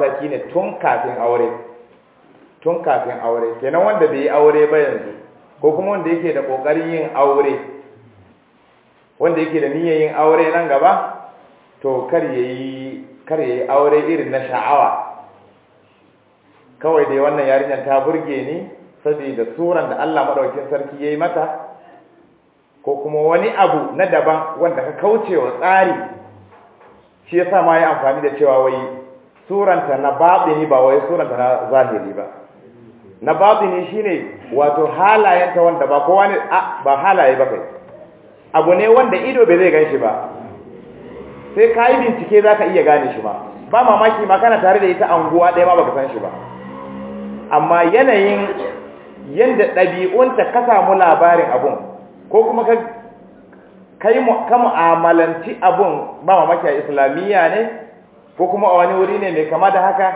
mataki ne tun kafin aure tun kafin aure kenan wanda bai yi aure ba yanzu ko kuma wanda yake da kokarin yin aure wanda yake da niyyar yin aure nan gaba to kar yayi kar yayi aure irin na sha'awa kawai dai wannan yarinyar ta burge ni saboda suran da Allah maɗaukin sarki yayi mata ko kuma wani abu na daban wanda ka kaucewa tsari shi yasa ma ya amfani da cewa wai suranta na batini ba wai suranta na zahiri ba na shi shine wato halayenta wanda ba kowa ne ba halaye ba kai abu ne wanda ido bai zai ganshi ba sai ka yi bincike za ka iya gane shi ba ba mamaki ma kana tare da ita anguwa ɗaya ma baka san shi ba amma yanayin yadda ɗabi'unta ka samu labarin abun ko kuma ka mu'amalanci abun ba mamaki a islamiyya ne ko kuma a wani wuri ne mai kama da haka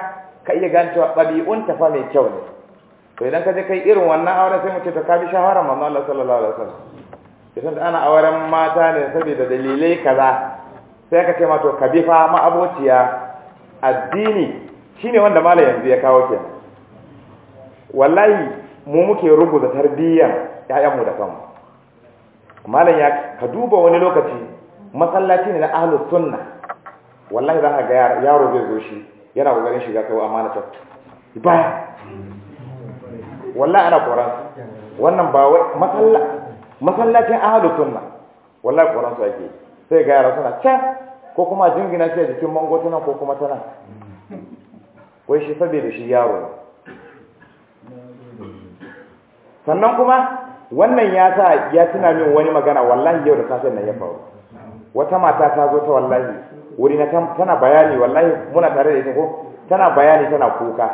ka iya gane cewa ɗabi'un ta fa mai kyau ne to idan ka je kai irin wannan auren sai mu ce ta ka bi shawaran manzo Allah sallallahu alaihi wasallam idan ana auren mata ne saboda dalilai kaza sai ka ce ma to ka bi fa ma addini shine wanda malam yanzu ya kawo kenan wallahi mu muke rubuta tarbiyyar ƴaƴanmu da kanmu malam ya ka duba wani lokaci masallaci ne na ahlus sunna wallahi za a ga yaro zai zo shi yana kokarin shiga kai amana ta baya wallahi ana koran wannan ba wai masalla masallacin ahlu wallahi koran ake sai ga yara suna can ko kuma jingina ce jikin mango tana ko kuma tana wai shi saboda shi yaro sannan kuma wannan ya sa ya tuna min wani magana wallahi yau da safen nan ya faru wata mata ta zo ta wallahi wuri na tana bayani wallahi muna tare da ita ko tana bayani tana kuka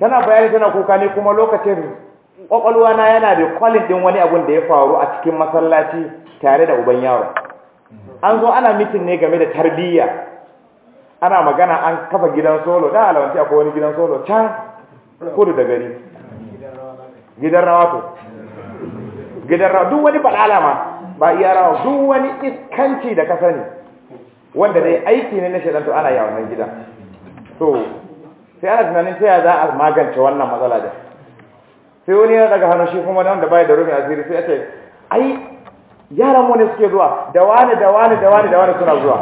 tana bayani tana kuka ne kuma lokacin kwakwalwa na yana da kwalin din wani abun da ya faru a cikin masallaci tare da uban yaro an zo ana mitin ne game da tarbiyya ana magana an kafa gidan solo da alawanci akwai wani gidan solo can kudu da gari gidan rawa to gidan rawa duk wani balala ma ba iya rawa duk wani iskanci da ka sani wanda dai aiki ne na shaidan ana yi a wannan gida so sai ana tunanin ta ya za a magance wannan matsala da sai wani yana daga hannun shi kuma wanda bai da a asiri sai ya ce ai yaran wani suke zuwa da wani da wani da wani da wani suna zuwa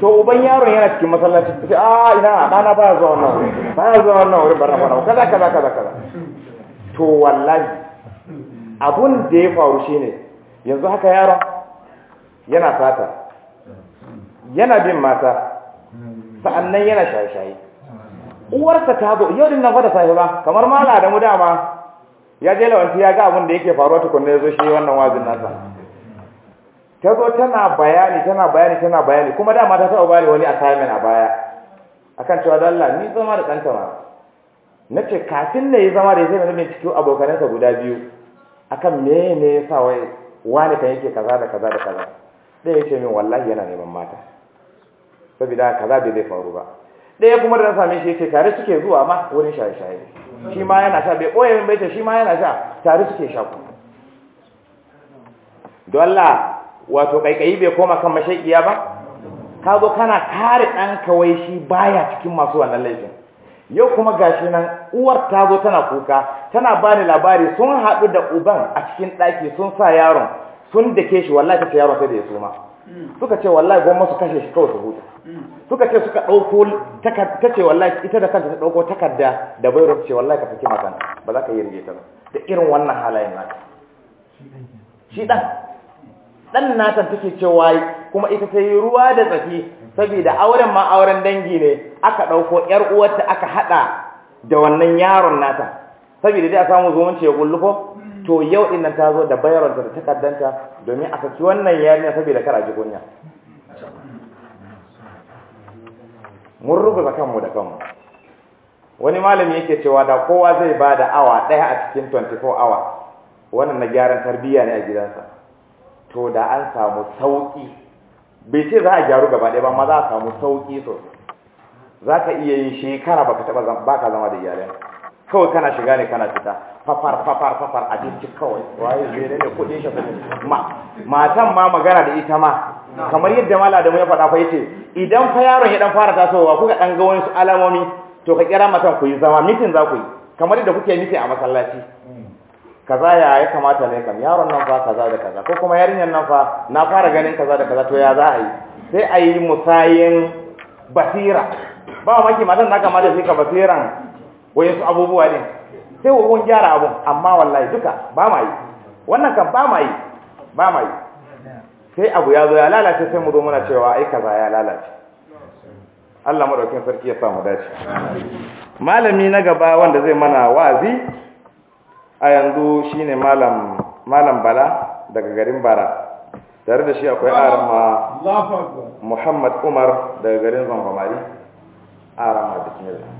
to uban yaron yana cikin masallaci sai a ina dana baya zuwa wannan wuri baya zuwa wannan wuri bara bara kaza kaza kaza kaza to wallahi abun da ya faru shine yanzu haka yaron yana fata yana bin mata sa'annan yana shaye-shaye uwarsa ta zo yau din nan fa da safe ba kamar mala da mu dama ya je lawanci ya ga abin da yake faruwa tukunna ya zo shi wannan wazin nasa ta zo tana bayani tana bayani tana bayani kuma dama ta taɓa bayani wani assignment a baya akan cewa da ni zama da ɗanta ma na ce kafin na yi zama da ya zai na cikin abokanansa guda biyu akan mene ne ya sa wai wani kan yake kaza da kaza da kaza ɗaya ya ce min wallahi yana neman mata saboda kaza da zai faru ba ɗaya kuma da na same shi ce tare suke zuwa ma wurin shaye-shaye shi ma yana sha bai ɓoye min ta shi ma yana sha tare suke sha ku don wato ƙaiƙayi bai koma kan mashaƙiya ba ka zo kana kare ɗan kawai shi baya cikin masu wannan laifin yau kuma gashi nan uwar ta zo tana kuka tana ba ni labari sun haɗu da uban a cikin ɗaki sun sa yaron sun dake shi wallahi ta yaron sai da ya suma suka ce wallahi goma su kashe shi kawai su huta suka ce suka ɗauko ta ce wallahi ita da kanta ta ɗauko takarda da bai rufe wallahi ka saki matan ba za ka yi rige ta ba da irin wannan halayen nata shi ɗan dan nata take cewa kuma ita ta yi ruwa da tsaki saboda auren ma auren dangi ne aka ɗauko 'yar uwarta aka haɗa da wannan yaron nata saboda dai a samu zumunci ya kullu to yau din nan ta zo da bayarwar da takaddanta domin a saki wannan yarinya saboda kar a ji kunya mun rubuta kanmu da kanmu wani malami yake cewa da kowa zai ba da awa ɗaya a cikin 24 hour wannan na gyaran tarbiyya ne a gidansa to da an samu sauƙi bai ce za a gyaru gaba ɗaya ba amma za a samu sauƙi sosai za ka iya yin shekara ba ka zama da iyalai. kawai kana shiga ne kana fita fafar fafar fafar abinci kawai waye zai ne kudin shi ma matan ma magana da ita ma kamar yadda mala da mu ya fada fa yace idan fa yaron ya dan fara tasowa kuka dan ga wani alamomi to ka kira matan ku yi zama mitin za ku yi kamar yadda kuke mitin a masallaci kaza ya ya kamata ne kam yaron nan fa kaza da kaza ko kuma yarinyar nan fa na fara ganin kaza da kaza to ya za a yi sai a yi musayin basira ba maki matan na kamata sai ka basiran su abubuwa ne, sai wurin gyara abun amma wallahi duka ba ma yi wannan kan ba ma yi ba ma yi sai abu ya zo ya lalace sai mu zo muna cewa ai kaza ya lalace Allah madaukin sarki ya sa mu dace malami na gaba wanda zai mana wazi a yanzu shine malam malam bala daga garin bara tare da shi akwai arama muhammad umar daga garin zambamari arama bismillah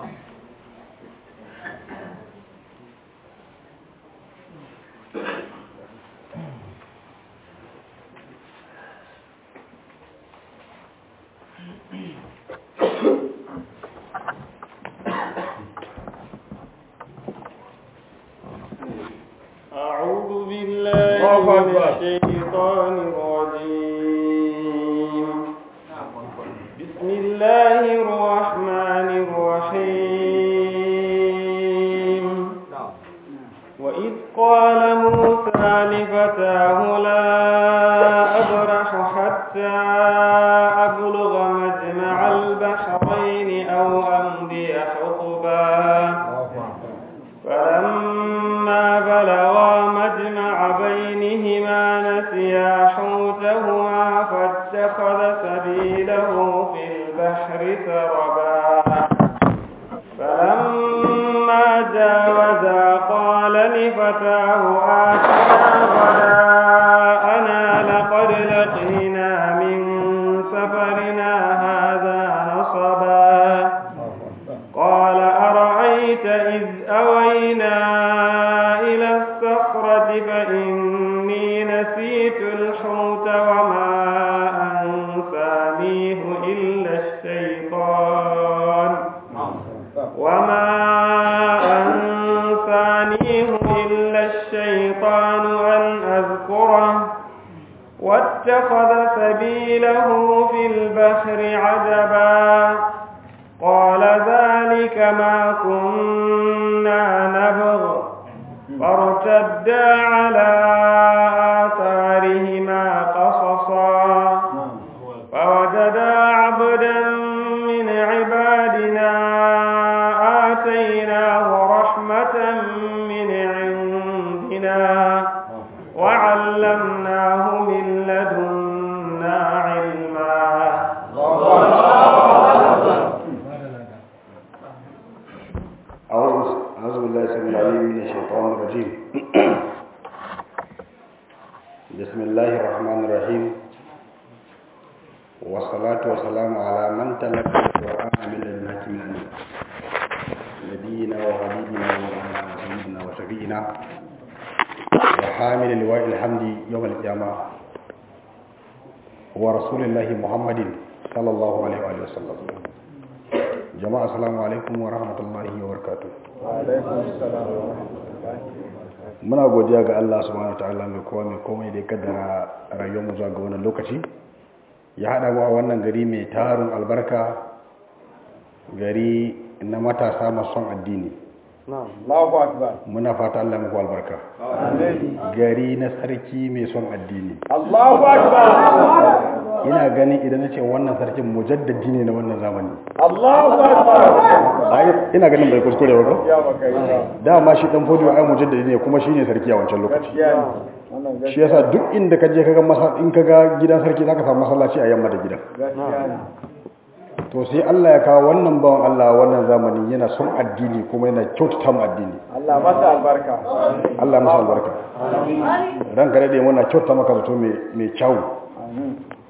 come. فإني نسيت الحوت وما أنسانيه إلا الشيطان وما أنسانيه إلا الشيطان أن أذكره واتخذ سبيله في البحر رسول muhammadin محمد صلى الله عليه وآله وسلم جماعة wa عليكم wa الله muna وعليكم ga Allah subhanahu wa ta'ala mai kowa mai rayuwar mu zuwa ga wannan lokaci ya haɗa wa wannan gari mai tarin albarka gari na muna fata Allah muku albarka gari na sarki mai son addini ina ganin idan na ce wannan sarkin mujaddadi ne na wannan zamani Allahu akbar ina ganin bai kuskure ba da ma shi dan fodiyo ai mujaddadi ne kuma shine sarki a wancan lokaci shi yasa duk inda ka je kaga masa in kaga gidan sarki zaka samu masallaci a yamma da gidan to sai Allah ya kawo wannan bawan Allah wannan zamani yana son addini kuma yana kyautata mu addini Allah masa albarka Allah masa albarka gare da yana kyautata maka zato mai mai kyau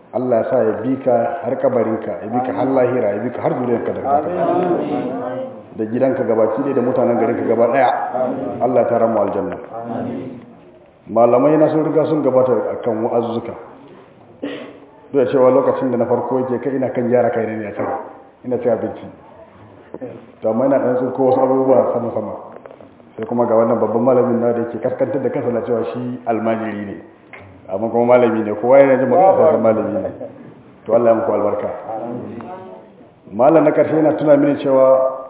Allah ya sa ya bi ka har kabarinka ya bi ka har lahira ya bi ka har zuriyarka da kanka da gidanka gabaki da mutanen garinka gaba daya. Allah ta ramu aljanna malamai na sun riga sun gabata akan wa'azuzuka da cewa lokacin da na farko yake kai ina kan gyara kai ne ya can ina ci abinci to amma ina dan tsinko wasu abubuwa sama sama sai kuma ga wannan babban malamin na da yake kaskantar da kansa na cewa shi almajiri ne amma kuma malami ne kowa yana jin magana sai malami ne to Allah ya muku albarka mallan na karshe yana tuna mini cewa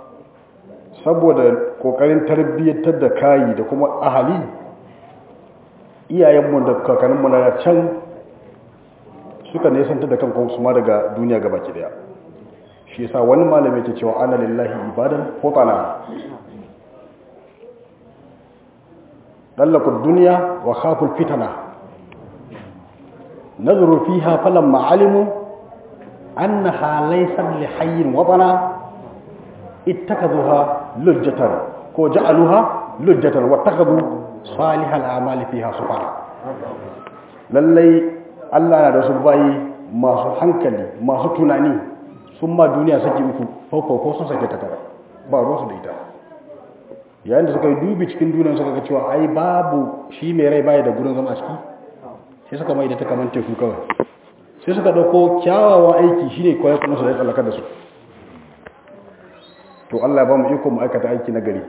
saboda kokarin tarbiyyantar da kayi da kuma ahali iyayenmu da kakaninmu na can suka nesanta da kan su ma daga duniya gaba ki daya shi yasa wani malami yake cewa ana lillahi ibadan hotana dallakul duniya wa khaful fitana nazaru fiha falan ma'alimu annaha laysat li hayyin watana ittakazuha lujjatan ko ja'aluha lujjatan wattakazu salihal a'mali fiha subhana lallai Allah na da su bayi masu hankali masu tunani sun ma duniya saki uku ko ko sun sake ta tara ba ruwa su da ita yayin da suka dubi cikin duniyar suka ga cewa ai babu shi mai rai baya da gurin zama ciki sai suka mai da ta kaman teku kawai sai suka dauko kyawawan aiki shine koyar kuma su da tsallaka da su to Allah ba mu iko mu aikata aiki na gari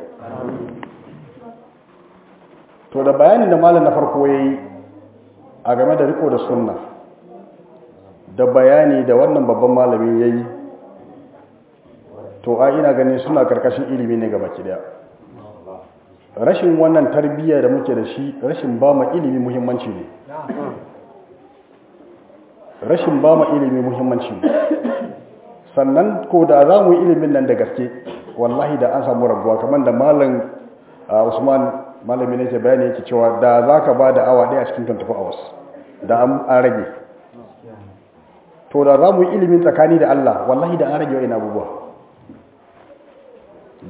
to da bayanin da malam na farko yayi a game da riko da sunna da bayani da wannan babban malamin yayi to a ina ganin suna karkashin ilimi ne gaba daya rashin wannan tarbiyya da muke da shi rashin ba mu ilimi muhimmanci ne rashin ba mu ilimi muhimmanci sannan ko da za mu yi ilimin nan da gaske wallahi da an samu rabuwa kamar da malam usman malami ne ke bayani yake cewa da za ka ba da awa ɗaya cikin 24 hours da an rage to da za mu yi ilimin tsakani da allah wallahi da an rage ina abubuwa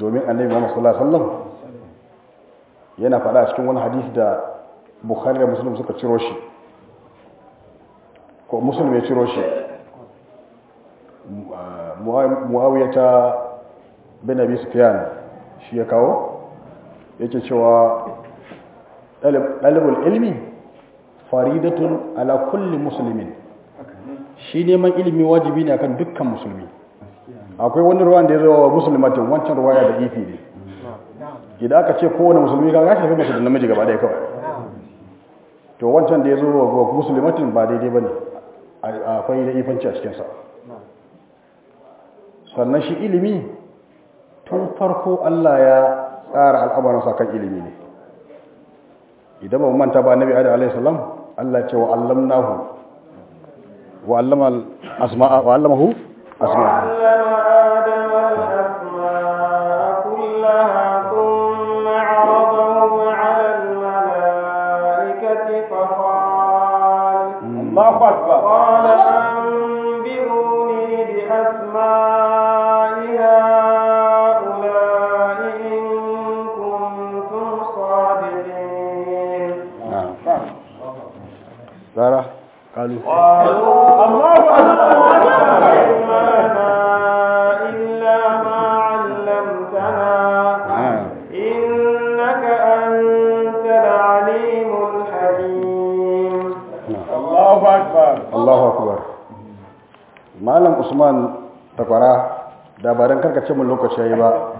domin annabi muhammad sallallahu alaihi wasallam yana faɗa cikin wani hadisi da bukhari da muslim suka ciro shi ko musulmi ya ciro shi muawiyata bin abi sufyan shi ya kawo yake cewa ɗalibul ilmi faridatun ala kulli musulmin shi neman ilimi wajibi ne akan dukkan musulmi akwai wani ruwan da ya zo musulmatin wancan ruwa ya da ifi ne idan aka ce kowane musulmi ka gashi fi da namiji gaba ɗaya kawai to wancan da ya zo wa musulmatin ba daidai ba ne akwai da ifanci a cikinsa sannan shi ilimi tun farko Allah ya tsara al'amuransa kan ilimi ne idan ba manta ba nabi adam alaihi salam Allah ce wa allamnahu wa allama asma'a wa allamahu asma'a ce mun lokaci yayi ba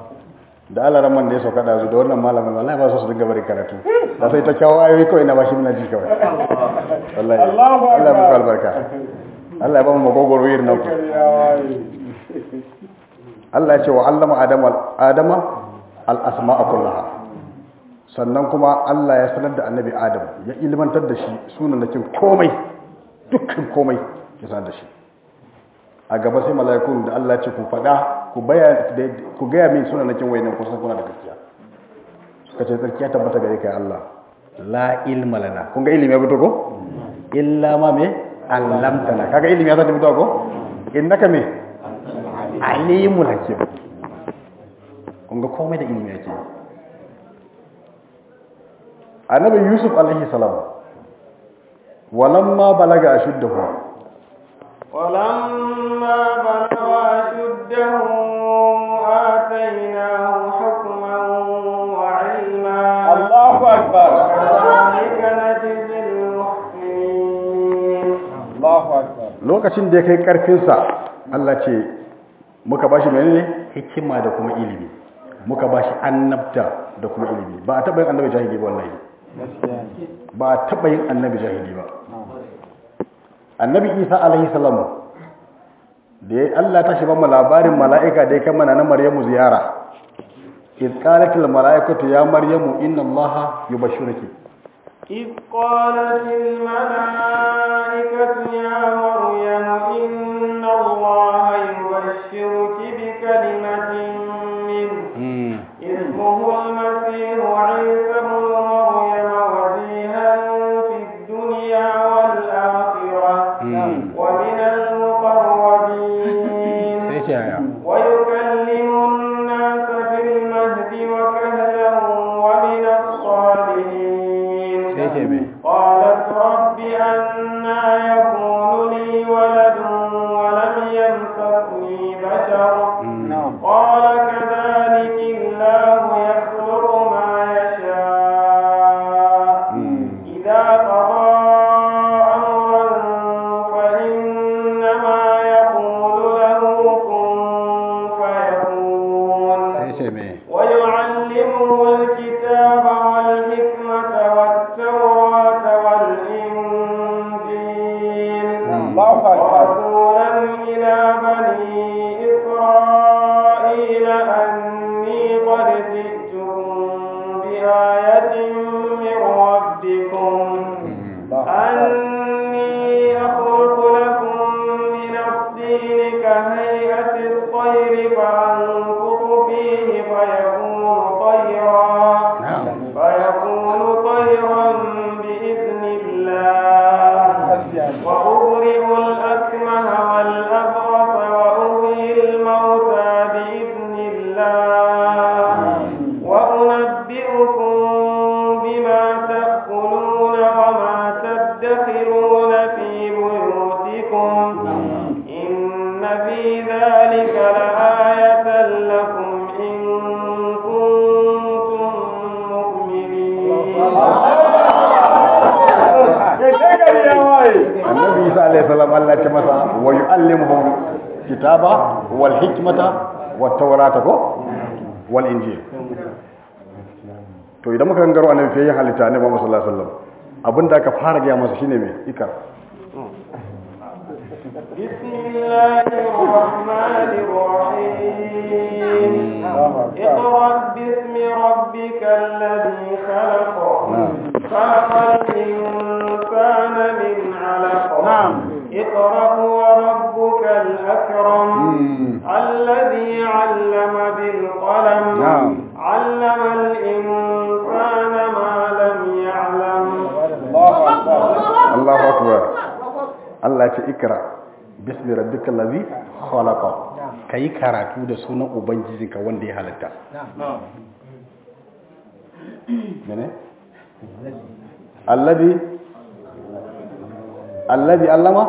da Allah alaraman da ya sauka da da wannan malamin wallahi ba su su dinga bari karatu da sai ta kyawo ayoyi kawai na bashi muna ji kawai wallahi Allah ya albarka Allah ya ba mu magogoro yin nauku Allah ya ce wa allama adama adama al asma'a kullaha sannan kuma Allah ya sanar da annabi Adam ya ilmantar da shi sunan sunanakin komai dukkan komai ya sanar da shi a gaba sai mala'ikun da Allah ya ce ku faɗa ku gaya min suna na nakin wayannan kusa kuna da gaskiya ka ce tsarkiya tabbata gare kai Allah la ilma lana kun ga ilimi ya fito ko illa ma me allamtana kaga ilimi ya zata fito ko innaka me alimul hakim kun ga komai da ilimi yake annabi yusuf alaihi salam walamma balaga ashuddahu walamma balaga lokacin da ya kai karfinsa Allah وكذلك نجزي المحسنين الله أكبر لوكاشين ce muka shi menene hikima da kuma ilimi muka shi annabta da kuma ilimi ba a taɓa yin annabi jahili ba wallahi ba a taɓa yin annabi jahili ba annabi isa alaihi salamu da ya Allah ta shiba labarin mala'ika da ya kama na Maryamu ziyara iskalatul mala'ika ta ya Maryamu inna Allah yubashshiruki Iskalatul mala’ika ta ya Maryamu inna Allah yubashshiruki bi kalimatin min hmm. ismuhu al ce mai qalat rabbi anna wasallam Allah ya ce masa wa yu'allimuhum kitaba wal hikmata wat tawrata ko wal injil to idan muka gangaro annabi fiye halitta ne ba sallallahu alaihi wasallam abinda aka fara gaya masa shine mai ikar bismillahir rahmanir rahim iqra bismi اقرأ وربك الأكرم الذي علم بالقلم نعم علم الإنسان ما لم يعلم الله أكبر الله أكبر الله اقرأ باسم ربك الذي خلق كي كراتو da sunan ubangijinka wanda ya halatta mene allazi allazi allama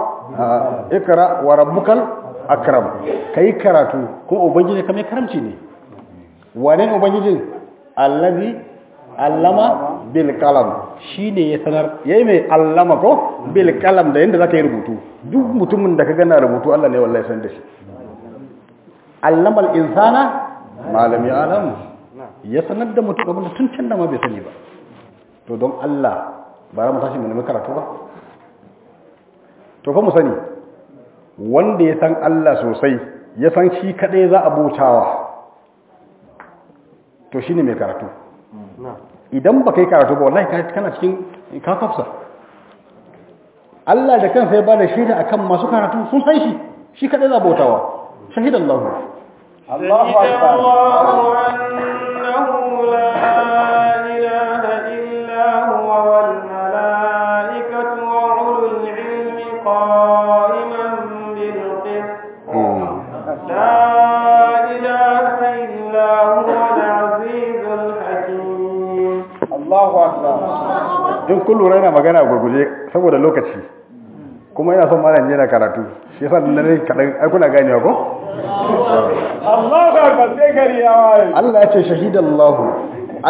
ikra wa rabbukal akram kai karatu ko ubangiji kamar karamci ne wane ne ubangiji allazi allama bil kalam shine ya sanar yayi mai allama ko bil kalam da yanda zaka yi rubutu duk mutumin da ka gana rubutu Allah ne wallahi san da shi allamal insana malam ya alam ya sanar da mutum abin da tun can da ma bai sani ba to don Allah ba za mu tashi mu nemi karatu ba to fa mu sani wanda ya san Allah sosai ya san shi kadai za a bautawa to shine mai karatu idan ba kai karatu ba wallahi kana cikin ka kafsa Allah da kansa ya bada shaida akan masu karatu sun san shi shi kadai za a bautawa shahidallahu Allahu akbar duk kullum yana magana gurguje saboda lokaci kuma yana son malam yana karatu shi yasa da ne kadan ai kuna ganewa ko Allahu akbar sai gari ya waye Allah ya ce shahidallahu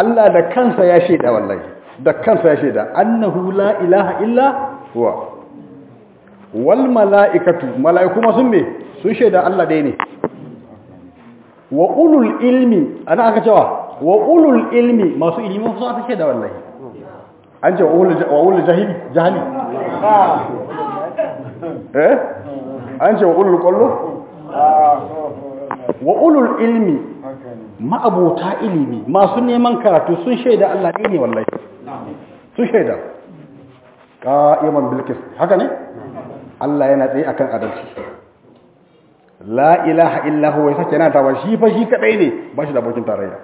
Allah da kansa ya shaida wallahi da kansa ya shaida. annahu la ilaha illa huwa wal malaikatu malaiku ma sun me sun shaida Allah dai ne wa ulul ilmi ana aka cewa wa ulul ilmi masu ilimi sun shaida sheda wallahi an ce wa ulul jahili jahili eh an ce wa ulul qallu wa ulul ilmi ma'abota ilimi masu neman karatu sun shaida Allah ne wallahi sun shaida qa'iman bil qist haka ne Allah yana tsaye akan adalci la ilaha illa huwa yasa kenan ta shi fa shi kadai ne ba shi da abokin tarayya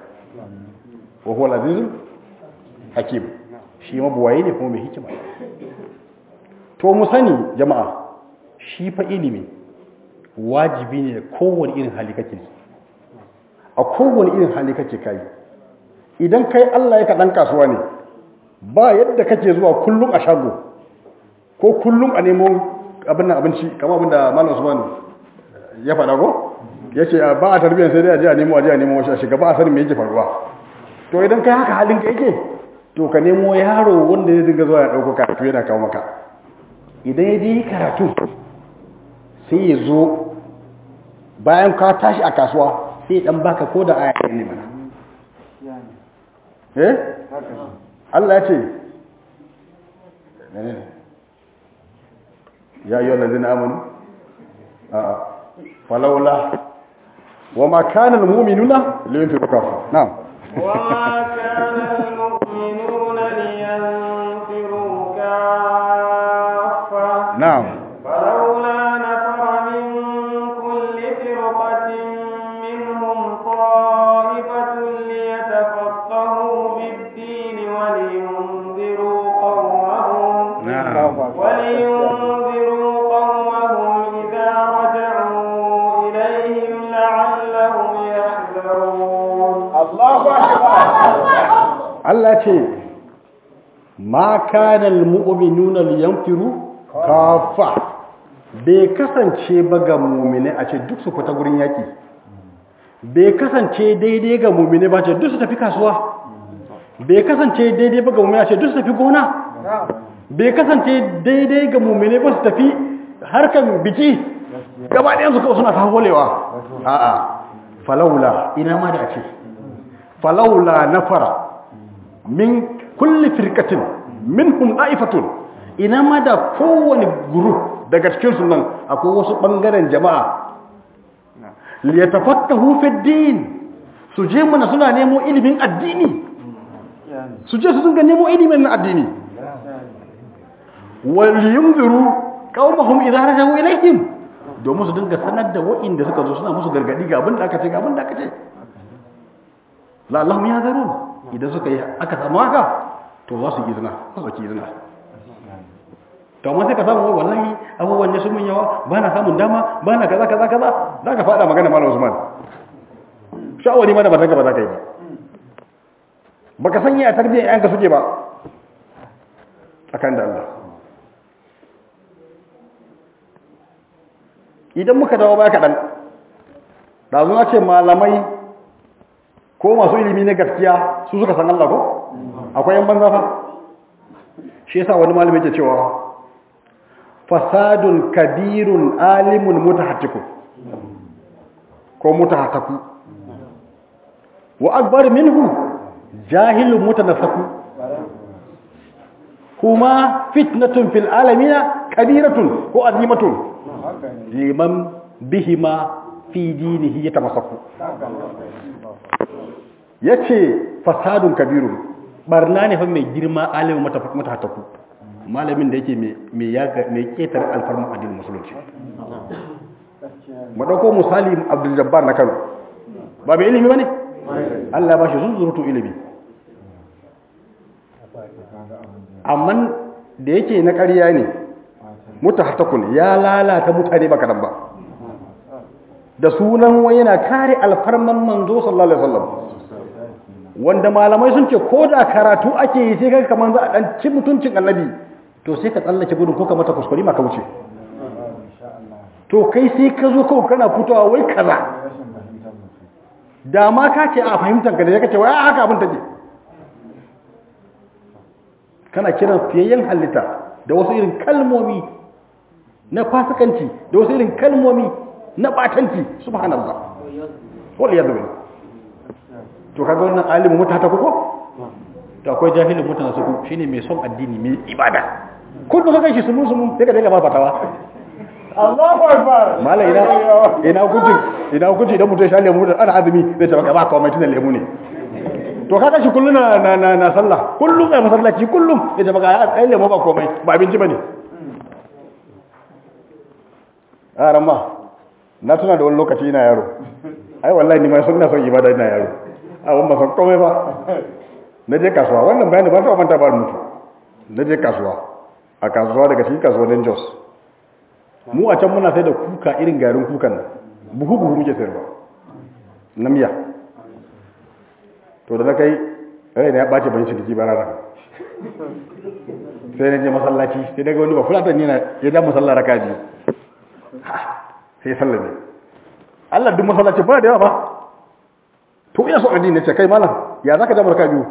wa huwa al-azizul hakim shi mabuwaye ne kuma mai hikima to mu sani jama'a shi fa ilimi wajibi ne kowane irin hali kake a kowane irin hali kake kai idan kai Allah ya ka dan kasuwa ne ba yadda kake zuwa kullum a shago ko kullum a nemo abin abinci kama abin da malam Usman ya faɗa ko yace ba a tarbiyyar sai dai a je a nemo a je a nemo shi a shiga ba a sani me yake faruwa to idan kai haka halin ka yake to ka nemo yaro wanda ya dinga zuwa ya ɗauko karatu yana kawo maka idan ya je karatu sai ya zo bayan ka tashi a kasuwa sai dan baka ko da aya ne mana eh Allah ya ce ya yi wannan ladina amanu a falawla wama kana almu'minuna liyunfiqu kafa na wa ce ma kanal mu'minuna liyanfiru kafa bai kasance ba ga mumini a ce duk su fita gurin yaki bai kasance daidai ga mumini ba ce duk su tafi kasuwa bai kasance daidai ba ga mumini a ce duk su tafi gona bai kasance daidai ga mumini ba su tafi harkan biki gaba ɗayan su kawai suna ta holewa a'a falawula ina ma da ce falawula na fara min kulli firkatin minhum da'ifatun ina ma da kowane group daga cikin su nan akwai wasu bangaren jama'a yatafakkahu fi din su je mana suna nemo ilimin addini su je su dinga nemo ilimin addini wal yunziru qaumahum idha rajau ilaihim domin su dinga sanar da wa'inda suka zo suna musu gargadi ga abin da aka ce ga abin da aka ce la Allahum ya zarun idan suka yi aka samu haka to za su izina za su izina to amma sai ka samu wallahi abubuwan ne sun mun yawa ba na samun dama ba na kaza kaza kaza za ka faɗa magana malam usman sha'awani ma da ba ta ba za ka yi ba baka sanya a tarbiyyar ka suke ba tsakan da Allah idan muka dawo baya kaɗan ɗazu na ce malamai ko masu ilimi na gaskiya su suka san Allah ko akwai yan banza fa shi yasa wani malami yake cewa fasadun kabirun alimun mutahattiku ko mutahattaku wa akbar minhu jahilun mutanassaku kuma fitnatun fil alamina kabiratun ko azimatun liman bihima fi dinihi yatamassaku yace fasadun kabiru barna ne fa mai girma alimin mata malamin da yake mai ketar alfarma addinin musulunci mu dauko misali Abdul Jabbar na Kano ba mai ilimi ne Allah ba shi zunzurutu ilimi amma da yake na ƙarya ne mutahatakun ya lalata mutane baka ba da sunan wani yana kare alfarman manzo sallallahu alaihi wasallam wanda malamai sun ce ko da karatu ake yi sai kai kaman za a dan ci mutuncin annabi to sai ka tsallake gudun ko ka mata kuskure ma ka wuce to kai sai ka zo kawai kana fitowa wai kaza da ma ka ce a fahimtar ka da ya kace wai haka abin take kana kiran fiyayyen halitta da wasu irin kalmomi na fasikanci da wasu irin kalmomi na batanci subhanallah wal yadhu to kaga wannan alimin mutane ta kuko to akwai jahilin mutane su shine mai son addini mai ibada kullum kaga shi sunu sunu sai ka dinga ba fatawa Allahu akbar mala ina ina kuji ina kuji idan mutai shalle mu da ana azumi zai ce baka ba komai tunan lemu ne to kaga shi kullun na na na sallah kullum ai masallaci kullum zai ce ya ai lemu ba komai ba abinci bane a ramma na tuna da wani lokaci ina yaro ai wallahi ni ma sunna son ibada ina yaro awo ban ba san komai ba na je kasuwa wannan bayani ban taɓa manta ba mutu na je kasuwa ah, a kasuwa daga cikin kasuwannin jos mu a can muna sai da kuka irin garin kukan nan buhu buhu muke sayarwa na miya to da na kai rai eh, na ya ɓace ban ciniki ba rana sai na je masallaci sai daga wani ba fulatan yana ya da masallar raka biyu sai sallame Allah duk masallaci ba da yawa ba to ina so addini ce kai malam ya zaka da barka biyu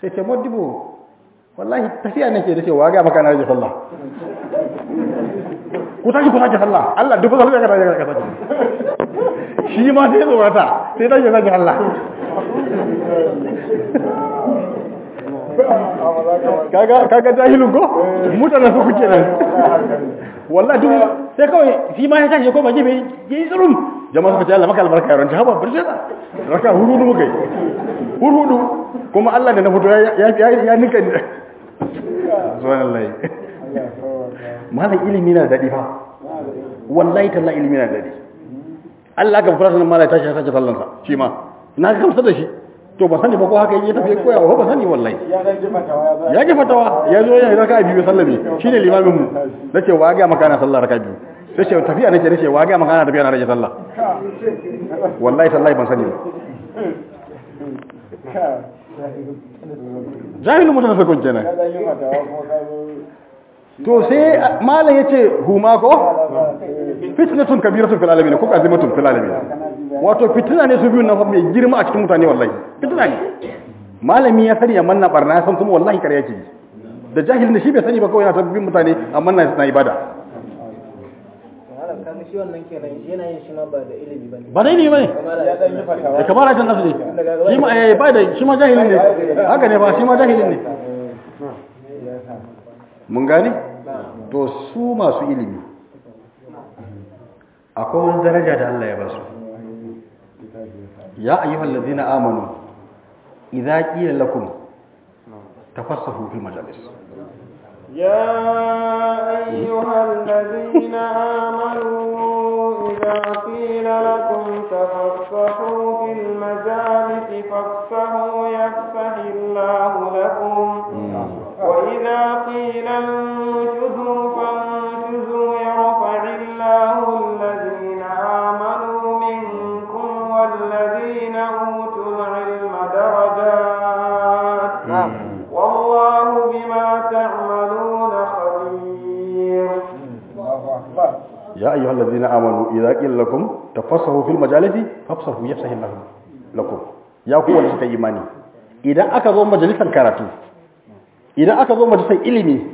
sai ce modibo wallahi tafiya nake da ce wa ga maka na rage sallah ku tashi ku sake sallah Allah duk sallah ka rage ka sake shi ma sai zo wata sai tashi sake Allah kaga kaga jahilin ko mutane su kuke nan wallahi duk sai kawai shi ma ya tashi ko ba ji bai ji zurum jama'a suka ce Allah maka albarka yaron haba barshe da raka hurudu muke huru hurudu kuma Allah da na fito ya nika ni subhanallahi malam ilimi na dadi fa wallahi tallahi ilimi na dadi Allah ka fara sanin malai tashi sace sa shi ma na kamsa da shi to ba sani ba ko haka yake tafiye ya ba sani wallahi ya ga fatawa ya zo ya raka biyu sallame shine limamin mu nace wa ga makana sallar raka biyu sai ce tafiya nake nake wa ga magana tafiya na rage sallah wallahi tallahi ban sani ba jahilin mutane sakon kenan to sai malam yace huma ko fitnatun kabiratun fil alamin ko azimatun fil alamin wato fitina ne su biyu na mai girma a cikin mutane wallahi fitina ne malami ya sani amma na barna san kuma wallahi kare yake da jahilin da shi bai sani ba kawai yana tabbin mutane amma na ibada kaga shi wannan kenan yana yin shi ma ba da ilimi bane ba da ilimi bane kamar ajin nasu ne shi ma eh ba da shi ma jahilin ne haka ne ba shi ma jahilin ne mun gane to su masu ilimi akwai wani daraja da Allah ya ba su ya hallazi na amanu idaƙi qila lakum tafassahu fil majalis يا أيها الذين آمنوا إذا قيل لكم تفصحوا في المجالس فافصحوا يفصح الله لكم وإذا قيل انشروا ya ayyuhal ladzina amanu idza qila lakum tafassahu fil majalisi fafsahu yafsahu lakum lakum ya ku wani suka yi imani idan aka zo majalisar karatu idan aka zo majalisar ilimi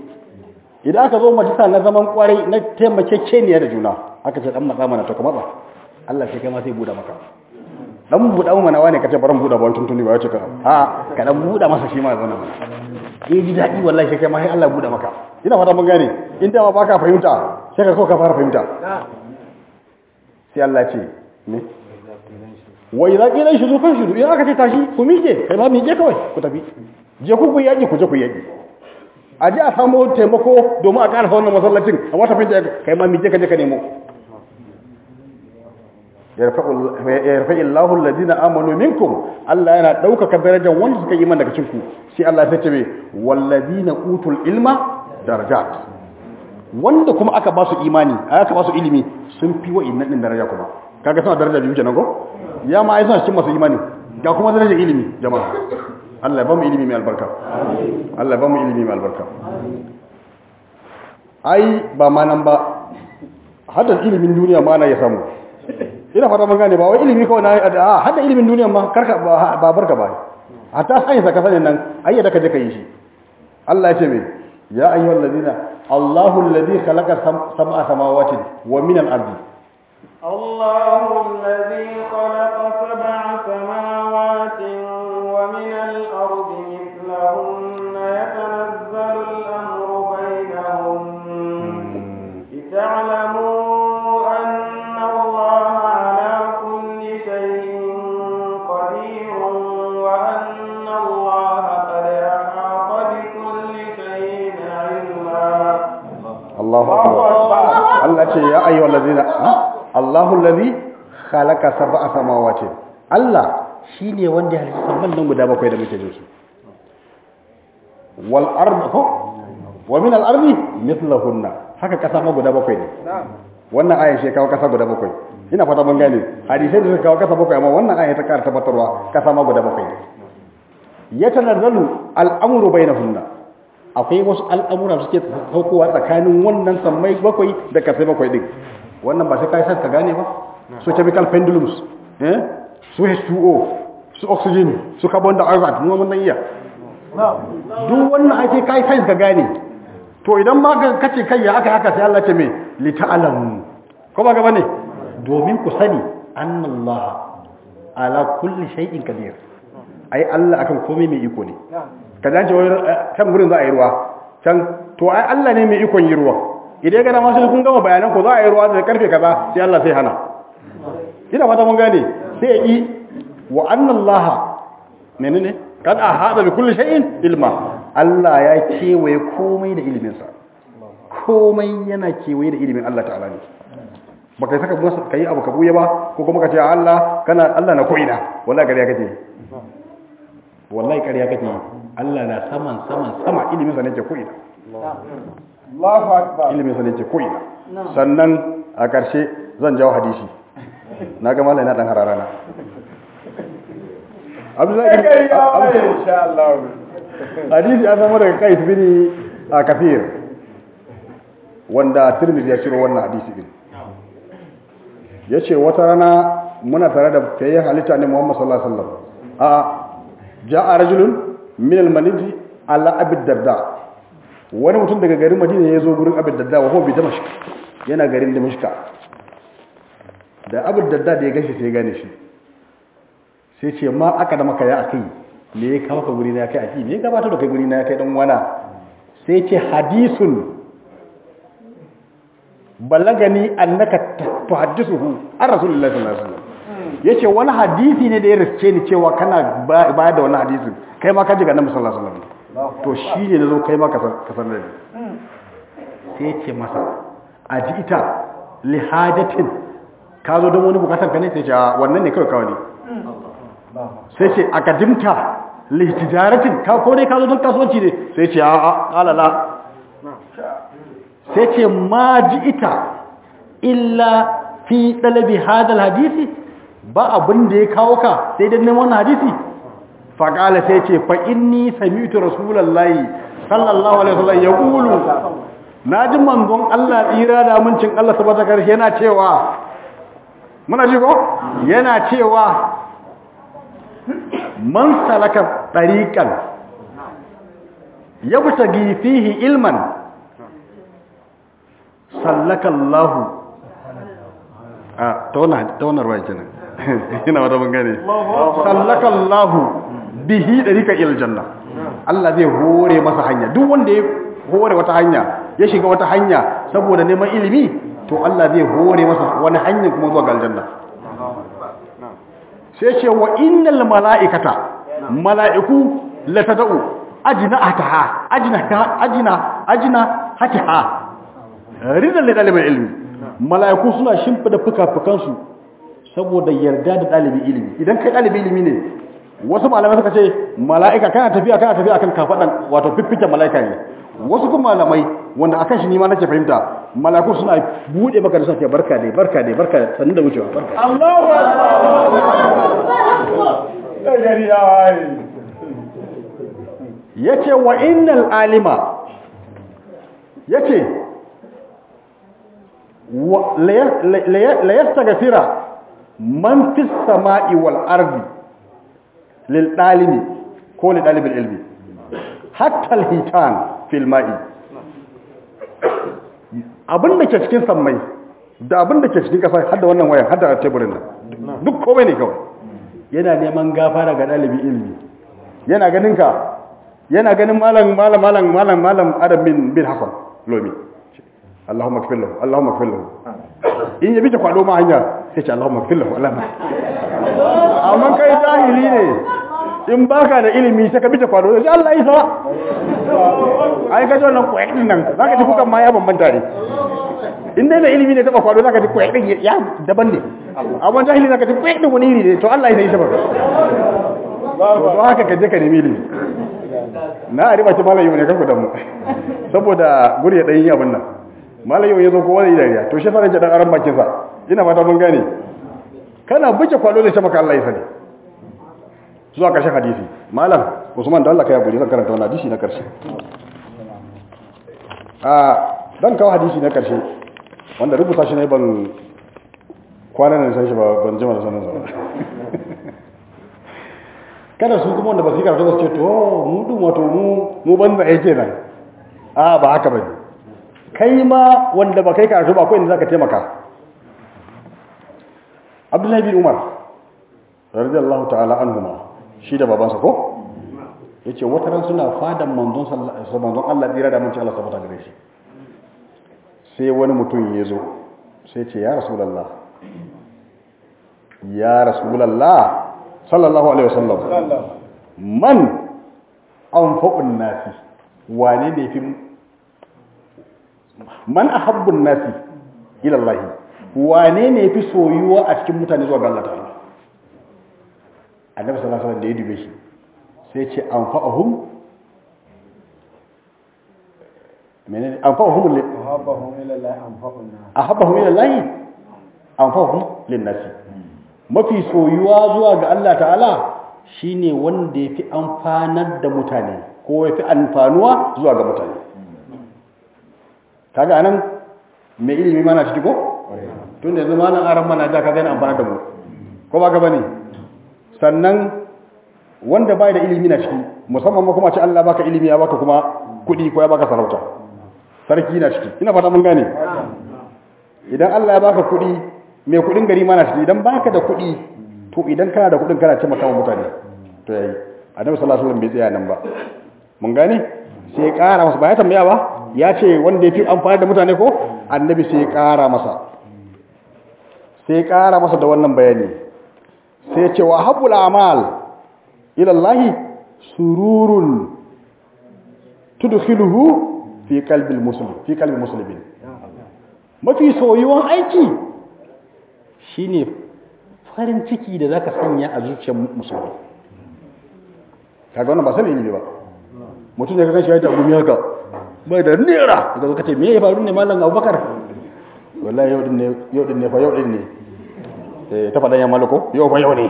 idan aka zo majalisa na zaman kwarai na taimakekeniya da juna aka ce dan matsa mana ta kuma matsa Allah sai kai ma sai buda maka dan buda mu mana wani kace baran buda ba tuntuni ba yace ka a ka dan buda masa shi ma ya zauna eh ji dadi wallahi sai kai ma sai Allah buda maka ina fata mun gane in da ba ka fahimta sai ka so fara fahimta sai Allah ce ne wa idza qila shudu fashudu idan aka ce tashi ku mike kai ma mike kawai ku tafi je ku ku yaji ku je ku yaji a ji a samu taimako domin a ƙarfa wannan masallacin a wata fahimta kai ma mike ka je ka nemo yarfa'i Allah alladhina amanu minkum Allah yana daukaka darajar wanda suka yi iman daga cikin ku sai Allah ya ce me walladhina utul ilma darajat wanda kuma aka ba su imani aka ba su ilimi sun fi wa'annan din daraja kuma kaga suna daraja biyu kenan ko ya ma ai suna cikin masu imani ga kuma daraja ilimi jama'a Allah ya ba mu ilimi mai albarka Allah ya ba mu ilimi mai albarka ai ba ma nan ba hada ilimin duniya ma na ya samu ina fata mun gane ba wai ilimi kawai na a ah, hada ilimin duniya ma karka ba barka ba hatta sai ka sanin nan ayyada ka je ka yi shi Allah ya ce mai ya ayyuhallazina الله الذي خلق سبع سماوات ومن الأرض الله الذي خلق سبع سماوات ومن الأرض مثلهن Allahu allazi a sama wace, Allah ne wanda ya halitta saman nan guda bakwai da muke jin wa min al mitla hunna haka kasa ma guda bakwai ne wannan aya ce kawo kasa guda bakwai ina fata ban gane hadisai da suka kawo kasa bakwai amma wannan ayin ta ƙara tabbatarwa kasa ma guda bakwai ya al'amuru bai na hunna akwai wasu al'amura suke saukowa tsakanin wannan samai bakwai da kasai bakwai ɗin wannan ba sai ka yi san ka gane ba su chemical pendulums eh? su h2o su oxygen su carbon dioxide mu mun nan iya duk wannan ake kai sai ka gane to idan ma ka kace kai ya aka haka sai Allah ce me li ta'lamu ko ba ga bane domin ku sani annallaha ala kulli shay'in kadir ai Allah akan komai mai iko ne kaza ce wani kan eh, gurin za a yi ruwa can to ai Allah ne mai ikon yi ruwa idan ga dama sai kun gama bayanan ku za a yi ruwa da karfe kaza sai Allah sai hana ina fata mun gane sai ya yi wa annallaha. Allah menene kad ahada bi kulli shay'in ilma Allah ya kewaye komai da ilimin sa komai yana kewaye da ilimin Allah ta'ala ne Ba kai saka masa kai abu ka buye ba ko kuma ka ce ah, Allah kana Allah na koina wallahi kariya kake wallahi kariya kace Allah na saman saman sama ilimin sa nake koina Allahu akbar ilimin sa ne ce ko ina sannan a ƙarshe zan jawo hadisi na ga malai na dan hararana Abdullahi insha Allah hadisi an samu daga Qais bin Kafir wanda Tirmidhi ya ciro wannan hadisi din yace wata rana muna tare da fayyan halitta ne Muhammad sallallahu alaihi wasallam a ja'a rajulun min al-maniji ala abi darda wani mutum daga garin madina ya zo gurin abin dadda wa hobi damashik yana garin damashika da abin dadda da ya gashi sai gane shi sai ce ma aka da maka ya yi me ya kama ka guri na ya kai aki ne ya gabata da kai guri na ya kai don wana sai ce hadisun balagani annaka tuhaddisuhu an rasulullahi sallallahu alaihi wasallam yace wani hadisi ne da ya riske ni cewa kana ba da wani hadisun kai ma ka ji ga annabi sallallahu alaihi wasallam to shi ne na zo kai ma kasar da ne sai ce masa a ji ita lihadatin ka zo don wani bukatar ka ne sai ce a wannan ne kawai kawai ne sai ce a kadimta lihtijaratin ka ko ne ka zo don kasuwanci ne sai ce a a alala sai ce ma ji ita illa fi ɗalabi hadal hadisi ba abin da ya kawo ka sai dan neman hadisi faƙala sai ce fa inni samitu rasulullahi sallallahu alaihi wasallam ya ƙulu na ji manzon Allah tsira da amincin Allah sabata karshe yana cewa muna ji ko yana cewa man salaka tariqan yabtagi fihi ilman sallaka Allah a ah, tona tona ruwa kenan ina wata bangare sallaka Allah bihi ɗarika iljanna Allah zai hore masa hanya duk wanda ya hore wata hanya ya shiga wata hanya saboda neman ilimi to Allah zai hore masa wani hanyar kuma zuwa aljanna sai ce wa innal mala'ikata mala'iku latada'u ajina ataha ajina ajina ajina ha. ridan da dalibin ilimi. mala'iku suna shimfida fuka-fukansu saboda yarda da dalibin ilimi idan kai dalibin ilimi ne wasu malamai suka ce mala'ika kana tafiya kana tafiya kan kafadan wato fiffiken mala'ika ne wasu kuma malamai wanda akan shi nima nake fahimta malaku suna bude maka da suke barka dai barka dai barka da da wucewa barka Allahu akbar yace wa innal alima yace la yastaghfira man fis sama'i wal lil dalibi ko lil حتى ilmi hatta الماء hitan fil abinda ke cikin sammai da abinda ke cikin kasa har da wannan wayar har da teburin nan duk komai ne kawai yana neman gafara ga dalibi ilmi yana ganin ka yana ganin malam malam malam malam malam adam bin bin hasan lomi Allahumma kafir lahu Allahumma kafir lahu in yabi ta kwado ma hanya sai ce Allahumma kafir lahu Allahumma amma kai jahili ne in ba ka da ilimi sai ka bita kwado sai Allah ya sa ai ka ji wannan kwai nan nan ka ji kukan ma ya bambanta ne in dai da ilimi ne taba kwado zaka ji kwai din ya daban ne amma jahili zaka ji kwai din wani iri ne to Allah ya sai sabar to haka ka je ka nemi ilimi na a riba ce malayi ne kanku damu saboda guri ya dan yi abin nan malayi ya zo wani da to shi fara ji dan aran bakin sa ina fata mun gane kana buke kwado da shi maka Allah ya sani zuwa ƙarshen hadisi malam musamman da Allah ya yabo zan karanta wannan hadisi na ƙarshe a dan kawo hadisi na ƙarshe wanda rubuta shi ne ban kwanan da sai shi ba ban jima da sanin sa kada su kuma wanda ba su yi karatu da su ce to mu dun wato mu ban ban a yake nan a ba haka ba kai ma wanda ba kai karatu ba ne za ka taimaka Abdullahi bin Umar radiyallahu ta'ala anhuma shi da babansa ko Ya ce ran suna fadan manzon manzon Allah tsira da manzon Allah sabata gare shi sai wani mutum ya zo sai ce ya rasulullah ya rasulullah sallallahu alaihi wasallam man anfa'un nasi wane ne fi man ahabbun nasi ila Allah wane ne fi soyuwa a cikin mutane zuwa ga Allah ta'ala annabi sallallahu alaihi wasallam da ya dube shi sai ce anfa'uhum menene anfa'uhum lil ahabbahum ila Allah anfa'uhum lin nas mafi soyuwa zuwa ga Allah ta'ala shine wanda yafi amfanar da mutane ko yafi amfanuwa zuwa ga mutane kaga anan me ilimi mana shi ko tunda yanzu mana aran mana da kaga yana amfana da mu ko ba ga bane sannan wanda bai da ilimi na ciki musamman ma kuma ce Allah baka ilimi ya baka kuma kuɗi ko ya baka sarauta sarki na ciki ina fata mun gane idan Allah ya baka kuɗi mai kuɗin gari ma na ciki idan baka da kuɗi to idan kana da kuɗin kana ce makawa mutane to yayi annabi sallallahu alaihi wasallam bai tsaya nan ba mun gane sai ya masa ba ya tambaya ba ya ce wanda ya amfani da mutane ko annabi sai ya masa sai ya masa da wannan bayani sai ce wa habbul amal ilallahi sururun tudkhiluhu fi qalbil musulmin, mafi soyuwan aiki shine farin ciki da za ka sanya a zuciyar musulmi kaga wannan ba sai ne ba mutum ne ka ganshi ya ta gumi haka bai da nera daga kace me ya faru ne mallam Abubakar wallahi yau din ne yau din ne fa yau din ne Eh, ta faɗan yamma lako yau fa yau ne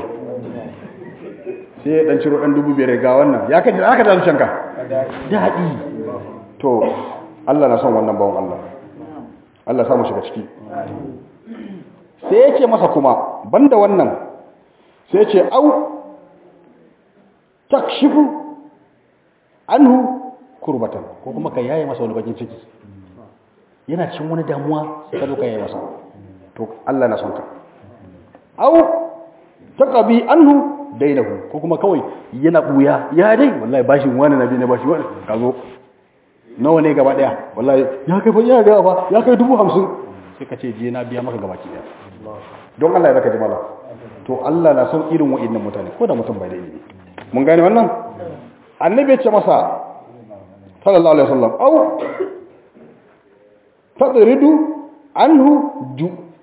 sai ya ɗan ciro ɗan dubu biyar ga wannan ya kaji aka da shanka daɗi to Allah na son wannan bawon Allah Allah samu shiga ciki sai ya ce masa kuma banda wannan sai ya ce au takshifu anhu kurbatan ko kuma ka yaye masa wani bakin ciki yana cin wani damuwa sai ka zo ka yaye masa to Allah na son ka au taqabi anhu dainahu ko kuma kawai yana buya ya dai wallahi bashin wani nabi na bashi wani kazo nawa ne gaba daya wallahi ya kai fa ya ga ya kai dubu hamsin sai ka ce je na biya maka ki daya don Allah ya baka jimala to Allah na son irin wa'annan mutane ko da mutum bai da ilimi mun gane wannan annabi ya ce masa sallallahu alaihi wasallam au tadridu anhu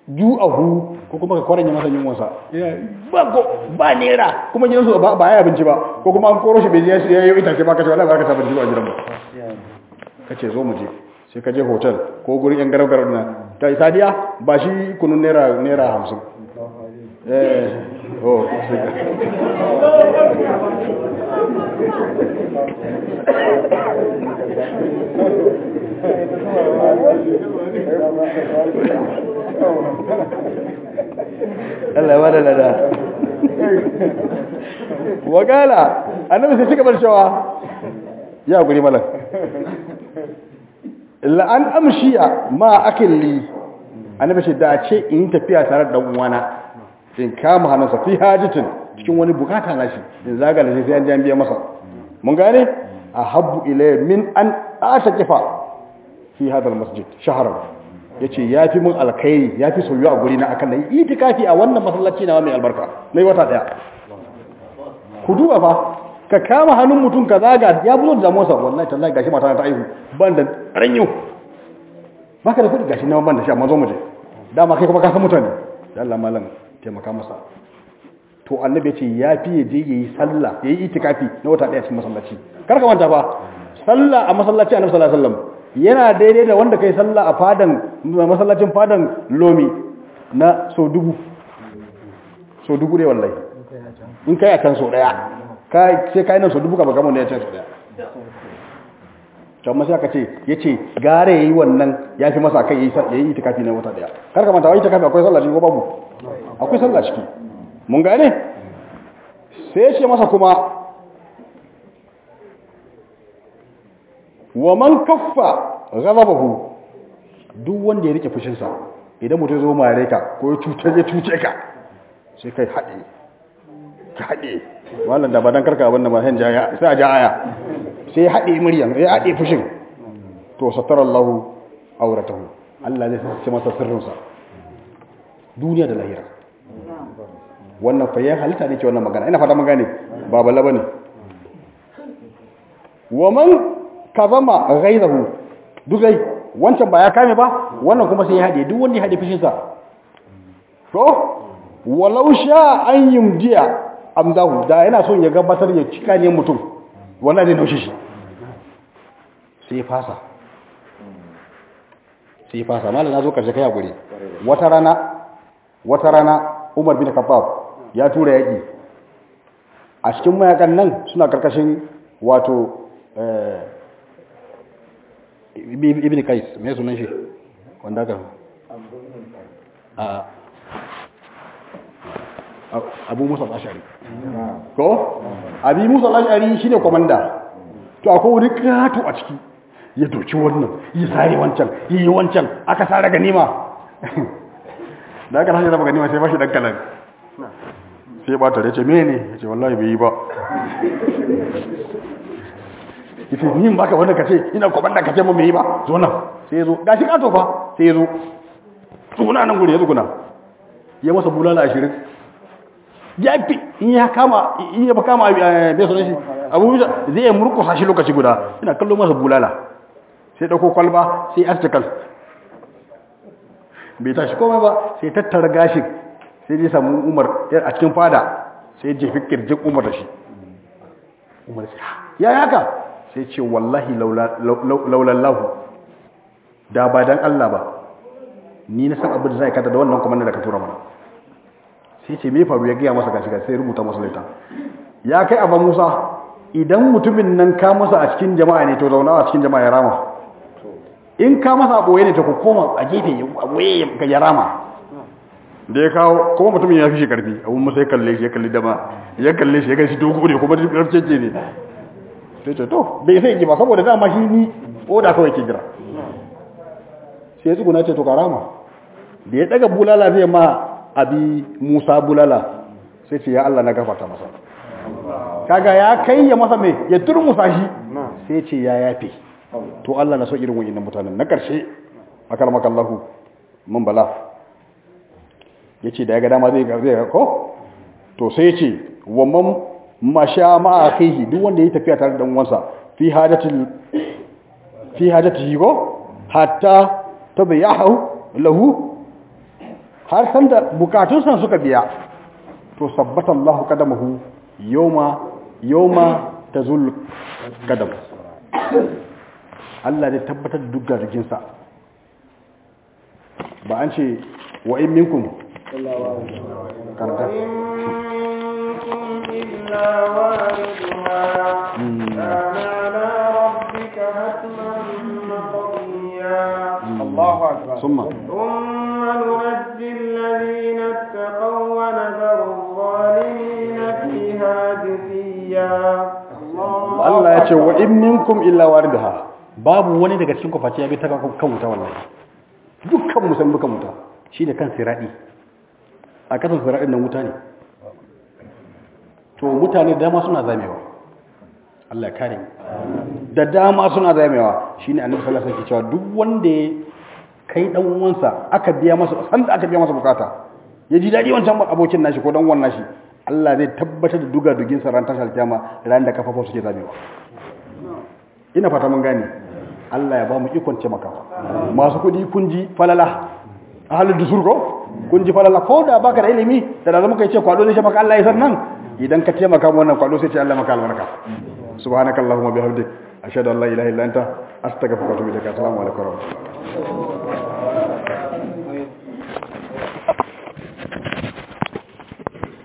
ju'ahu ko kuma ka kwaranya masa yunwansa ba ko ba nera kuma gidansu ba ya abinci ba ko kuma an koro shi bai ya ya yi itace ba ka wallahi ba ka sa abinci ba gidan ba ka ce zo mu je sai ka je hotel ko gurin yan garau garau na ta sadiya ba shi kunun nera nera 50 eh oh sai Thank you. Allah wada lada wa kala annabi sai shiga barshawa ya guri malam la an amshiya ma akilli annabi shi da ce in tafiya tare da uwana in kama hannunsa fi hajitin cikin wani bukata na shi in zaga da shi sai an biya masa mun gane a habbu ilayya min an asa kifa fi hadal masjid shaharar ya ce ya fi mun alkhairi ya fi soyu a guri na akan na yi itikafi a wannan masallaci na mai albarka na yi wata daya ku duba fa ka kama hannun mutum ka zaga ya buzo da damuwarsa wallahi tallahi gashi mata na ta aihu ban da ranyo ka da kudi gashi na ban da shi amma zo muje dama kai kuma ka san mutane ya Allah malam taimaka masa to annabi ya ce ya fi ya je yayi sallah yayi itikafi na wata daya cikin masallaci kar ka manta fa sallah a masallaci annabi sallallahu alaihi wasallam yana daidai da wanda kai sallah a fadan masallacin fadan lomi na so dubu so dubu ne wallahi in kai a so daya ka ce kai nan so dubu ka baka mun ne ce so daya can masu aka ce ya ce gare yi wannan ya fi masa kai ya yi itikafi na wata daya karka manta wa itikafi akwai sallah ciki ko babu akwai sallah ciki mun gane sai ya ce masa kuma wa man kaffa ghadabahu duk wanda ya rike fushinsa idan mutum zo mare ka ko ya cutar ya cuce ka sai kai haɗe ka haɗe wannan da ba karka abin da ba hin jaya sai a jaya sai haɗe muryan sai hade fushin to satarallahu auratahu Allah zai sace masa sirrinsa duniya da lahira wannan fa yayin halitta ne ke wannan magana ina fata magana ba balla ne wa man kazama ghayrahu duk dai wancan ba ya kame ba wannan kuma sai ya hade duk wanda ya hade fushin sa to walau sha an yumdiya amdahu da yana son ya gabatar ya cika ne mutum wannan ne naushe shi sai ya fasa sai ya fasa mallan zo karshe kai gure wata rana wata rana Umar bin Khattab ya tura yaki a cikin mayakan nan suna karkashin wato eh ibn kais me sunan shi wanda ka a abu musa al-ashari ko abi musa al-ashari shine komanda to akwai wani kato a ciki ya doki wannan ya sare wancan ya yi wancan aka sare ganima da aka sare zama ganima sai ba shi dankalin sai ba tare ce mene ya ce wallahi bai yi ba yace ni in baka wanda kace ina ka kace mu meyi yi ba zo nan sai zo gashi to fa sai yazo tsuguna nan gure yazo kuna ya masa bulala 20 ya fi in ya kama in ya kama bai eh, sunan shi abu zai murku sashi lokaci guda ina kallo masa bulala sai dauko kwalba sai article bai tashi komai ba sai tattara gashin sai dai samu umar eh, a cikin fada sai jefi kirjin umar da shi umar sai ya yaka sai ce wallahi laulallahu da ba dan Allah ba ni na san abin da zai kada da wannan kuma da ka tura mana sai ce me faru ya gaya masa gashi gashi sai rubuta masa laita ya kai abu musa idan mutumin nan ka masa a cikin jama'a ne to zauna a cikin jama'a ya rama in ka masa abu ne ta ku koma a gefe ga ya rama da ya kawo kuma mutumin ya fi shi karfi masa ya kalle shi ya kalli dama ya kalle shi ya kai shi dogo ne kuma rafcece ne sai ce to bai sai ki ba saboda dama shi ni oda kawai ke jira sai ya tsuguna ce to karama da ya daga bulala zai ma abi musa bulala sai ce ya Allah na gafarta masa kaga ya kai ya masa mai ya musa shi sai ce ya yafe to Allah na so irin wa'annan mutanen na karshe akalmakallahu mun bala ce da ya ga dama zai ga ko to sai ce wa masha ma'a duk wanda yayi tafiya tare da uwansa fi hajatil fi hajatihi go hatta tabayahu lahu har san da bukatun san suka biya to sabbata Allahu qadamahu yawma yawma tazul qadam Allah zai tabbatar da duk garjin sa ba an ce wa in ya ce wa in babu wani daga cikin kwafaci ya bi ta kan wuta wallahi dukkan musan bukan wuta Shi da kan siradi a kasan siradin nan wuta ne to mutane dama suna zamewa Allah ya kare da dama suna zamewa shine annabi sallallahu alaihi wasallam ke cewa duk wanda ya kai dan uwansa aka biya masa san da aka biya masa bukata ya ji dadi wancan abokin nashi ko dan uwan nashi Allah zai tabbatar da duga dugin sa ran tashar kiyama ran da kafafo suke zamewa ina fata mun gane Allah ya ba mu ikon taimakawa masu kudi kun ji falala ahalul dusur ko kun ji falala ko da baka da ilimi da da zama kai ce kwado shi maka Allah ya san nan idan ka taimaka mu wannan kwado sai ce Allah maka albarka subhanakallahumma bihamdik ashhadu an la ilaha illa anta astaghfiruka wa atubu ilaik assalamu alaikum